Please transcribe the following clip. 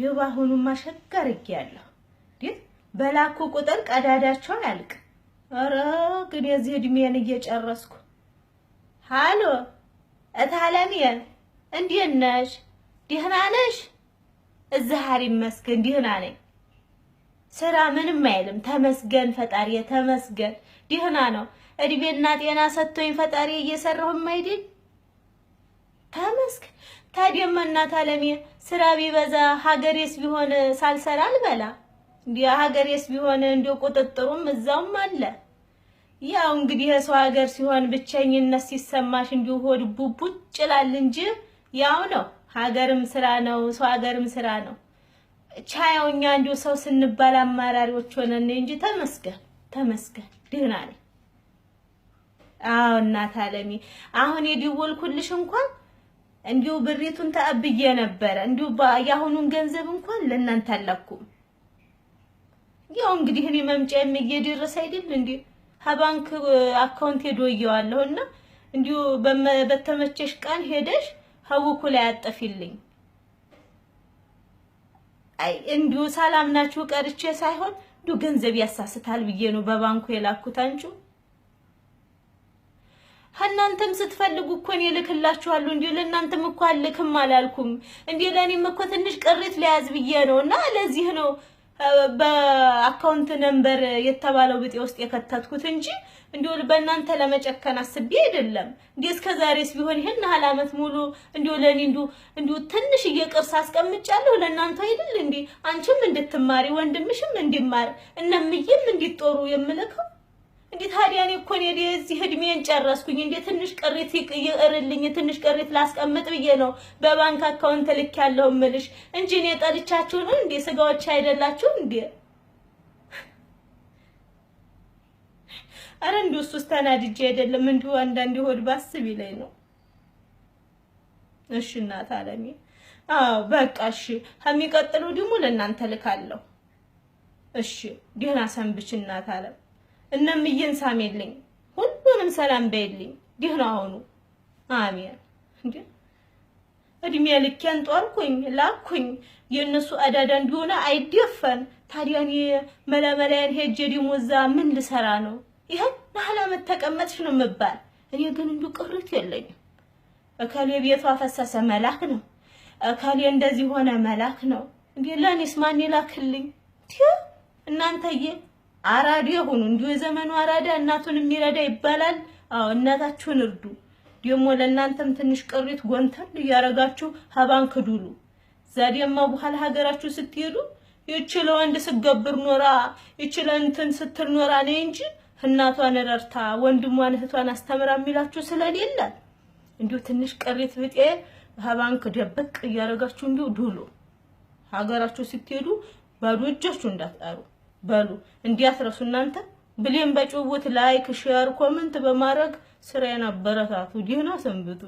ድብ አሁኑማ ማሸጋር ይያለሁ ዲህ በላኩ ቁጥር ቀዳዳቸው አያልቅ። አረ ግን የዚህ እድሜን እየጨረስኩ። ሃሎ እታለምዬ እንዴት ነሽ? ደህና ነሽ? እዝሃር ይመስገን ደህና ነኝ። ስራ ምንም አይልም። ተመስገን ፈጣሪ ተመስገን፣ ደህና ነው። እድሜና ጤና ሰጥቶኝ ፈጣሪ እየሰራሁም አይደል ተመስክ ታዲያማ እናት አለሜ ስራ ቢበዛ ሀገሬስ ቢሆን ሳልሰራ አልበላ። እንዲያ ሀገሬስ ቢሆን እንዲሁ ቁጥጥሩም እዛውም አለ። ያው እንግዲህ የሰው ሀገር ሲሆን ብቸኝነት ሲሰማሽ እንዲሁ ሆድ ቡቡጭ ይላል እንጂ ያው ነው። ሀገርም ስራ ነው፣ ሰው ሀገርም ስራ ነው። ቻያው እኛ እንዲሁ ሰው ስንባል አማራሪዎች ሆነን እንጂ ተመስገን ተመስገን ደህና ነኝ። አዎ እናት አለሜ አሁን የደወልኩልሽ እንኳን እንዲሁ ብሪቱን ተአብዬ ነበረ። እንዲሁ የአሁኑን ገንዘብ እንኳን ለእናንተ አላኩም። ያው እንግዲህ እኔ መምጫ እየደረሰ አይደል እንዲ ከባንክ አካውንት ሄዶ እየዋለሁ እና እንዲሁ በተመቸሽ ቀን ሄደሽ ሀውኩ ላይ አጠፊልኝ። አይ እንዲሁ ሰላም ቀርቼ ሳይሆን እንዲሁ ገንዘብ ያሳስታል ብዬ ነው በባንኩ የላኩት አንቺው እናንተም ስትፈልጉ እኮ እኔ እልክላችኋለሁ። እንዲሁ ለእናንተም እኮ አልክም አላልኩም። እንዲሁ ለእኔም እኮ ትንሽ ቅሪት ለያዝ ብዬ ነው እና ለዚህ ነው በአካውንት ነንበር የተባለው ብጤ ውስጥ የከተትኩት እንጂ እንዲሁ በእናንተ ለመጨከን አስቤ አይደለም። እንዲሁ እስከ ዛሬስ ቢሆን ይህን ያህል ዓመት ሙሉ እንዲሁ ለእኔ እንዲሁ እንዲሁ ትንሽ እየቅርስ አስቀምጫለሁ ለእናንተ አይደል እንዲ አንቺም እንድትማሪ ወንድምሽም እንዲማር እነምዬም እንዲጦሩ የምልከው እንዴ ታዲያ እኔ እኮ እኔ እዚህ እድሜን ጨረስኩኝ። እንዴ ትንሽ ቅሪት ይቅርልኝ፣ ትንሽ ቅሪት ላስቀምጥ ብዬ ነው በባንክ አካውንት ልክ ያለው ምልሽ እንጂ እኔ ጠልቻችሁ ነው እንዴ? ስጋዎች አይደላችሁ እንዴ? አረ እንዲሁ እሱስ ተናድጄ አይደለም እንዲሁ አንዳንዴ ሆድ ባስብ ይለኝ ነው። እሺ እናት አለሜ፣ አዎ በቃ እሺ። ከሚቀጥለው ደግሞ ለእናንተ ልካለሁ። እሺ ደህና ሰንብች እናት አለም። እነምዬን ሳሜልኝ፣ ሁሉንም ሰላም በይልኝ። ደህና ሁኑ። አሜን። እንዴ እድሜ ልኬን ጦርኩኝ ላኩኝ። የእነሱ አዳዳ እንዲሆነ አይደፈን። ታዲያ እኔ መላመላዬን ሄጄ ደግሞ እዛ ምን ልሰራ ነው? ይሄን ባህላ መተቀመጥሽ ነው የምባል። እኔ ግን እንዱ ቅርት የለኝም። እከሌ ቤቷ ፈሰሰ መላክ ነው፣ እከሌ እንደዚህ ሆነ መላክ ነው። እንዴ ለእኔስ ማን ይላክልኝ? እናንተዬ አራዳ የሆኑ እንዲሁ የዘመኑ አራዳ እናቱን የሚረዳ ይባላል። አዎ እናታችሁን እርዱ። ደግሞ ለእናንተም ትንሽ ቅሪት ጎንተል እያረጋችሁ ሀባን ክዱሉ። ዛዲያማ በኋላ ሀገራችሁ ስትሄዱ ይችለ ወንድ ስገብር ኖራ ይችለ እንትን ስትል ኖራ ነኝ እንጂ እናቷን ረርታ ወንድሟን እህቷን አስተምራ የሚላችሁ ስለሌለ እንዲሁ ትንሽ ቅሪት ብጤ ሀባንክ ደበቅ እያረጋችሁ እንዲሁ ዱሉ። ሀገራችሁ ስትሄዱ ባዶ እጃችሁ እንዳትቀሩ። በሉ እንዲያትረሱ እናንተ ብሌን በጭውውት ላይክ ሼር ኮመንት በማድረግ ስራዬን አበረታቱ። ዲህና ሰንብቱ።